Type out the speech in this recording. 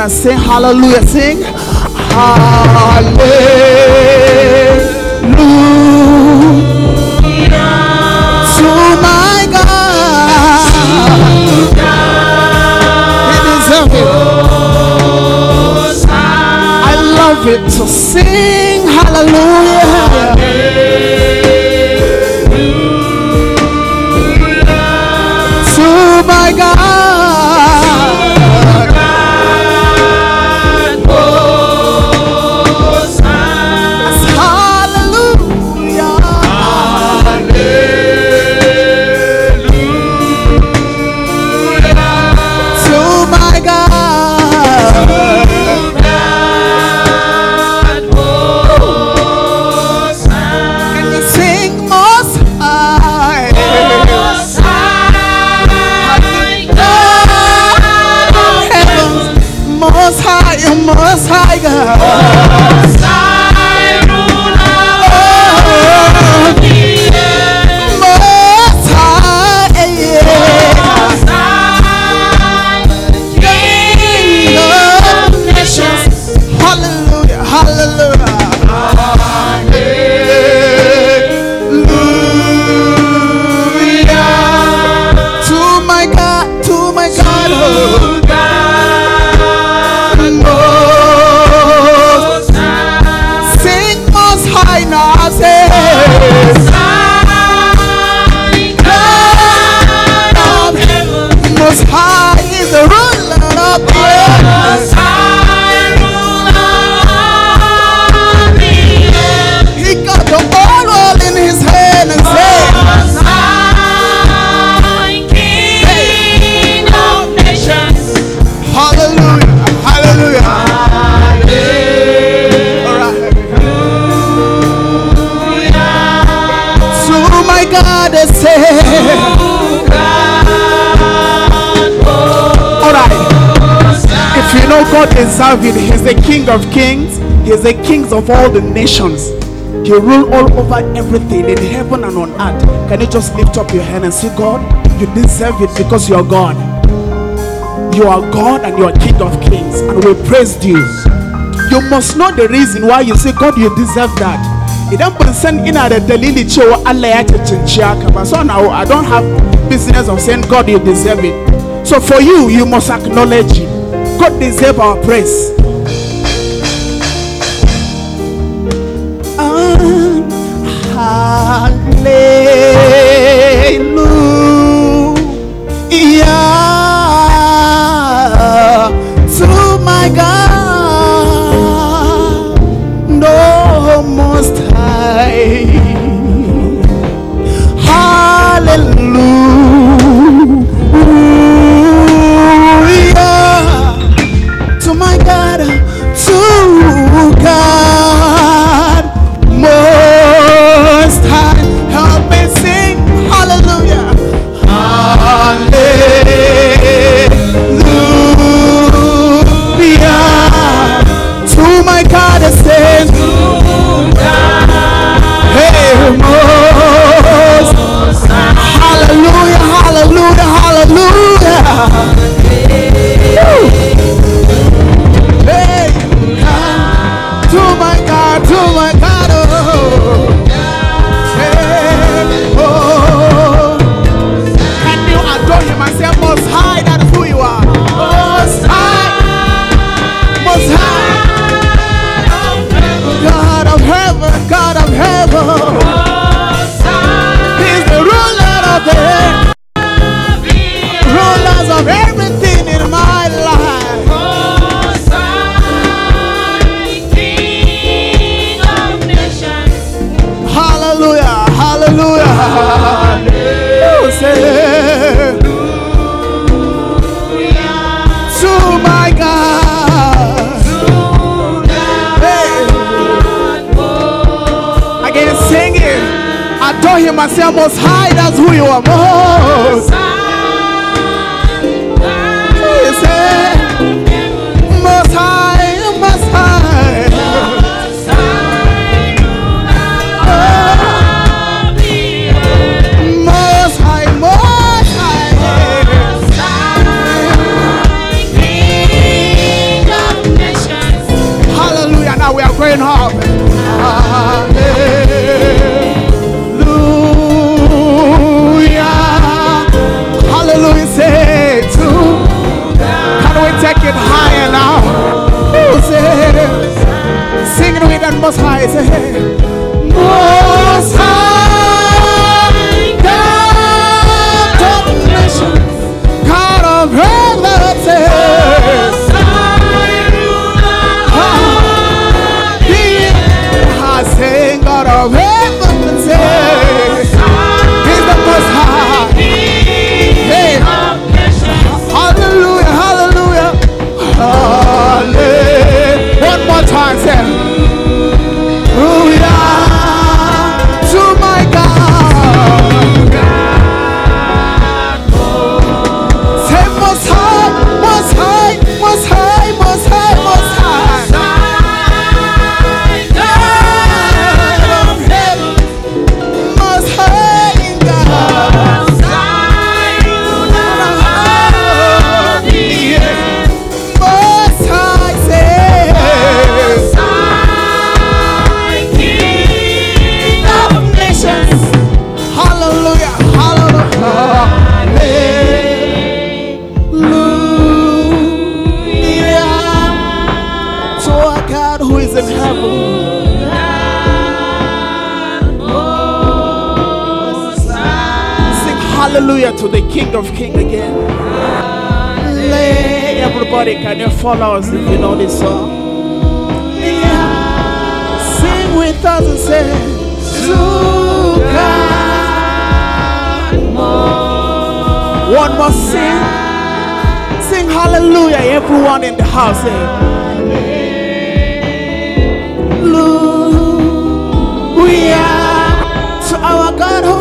and sing hallelujah. Sing hallelujah to my God. He deserves it. I love it to sing hallelujah. Alright. If you know God is sovereign, He's the King of kings, He's the King of all the nations. He rule all over everything in heaven and on earth. Can you just lift up your hand and say, God, you deserve it because you are God. You are God and you are King of kings, and we praise you. You must know the reason why you say, God, you deserve that idan ban san ina da dalili cewa Allah ya cancanci haka ba so now I don't have business of saying God you deserve it so for you you must acknowledge it God deserve our praise way. Adore Him and say, I must hide who you are. Most. of heaven. Hallelujah to the King of Kings again. Hallelujah. Everybody, can you follow us if you know this song? Yeah. Sing with us and say, To One more sing. Sing hallelujah, everyone in the house. Hallelujah. We are to our God.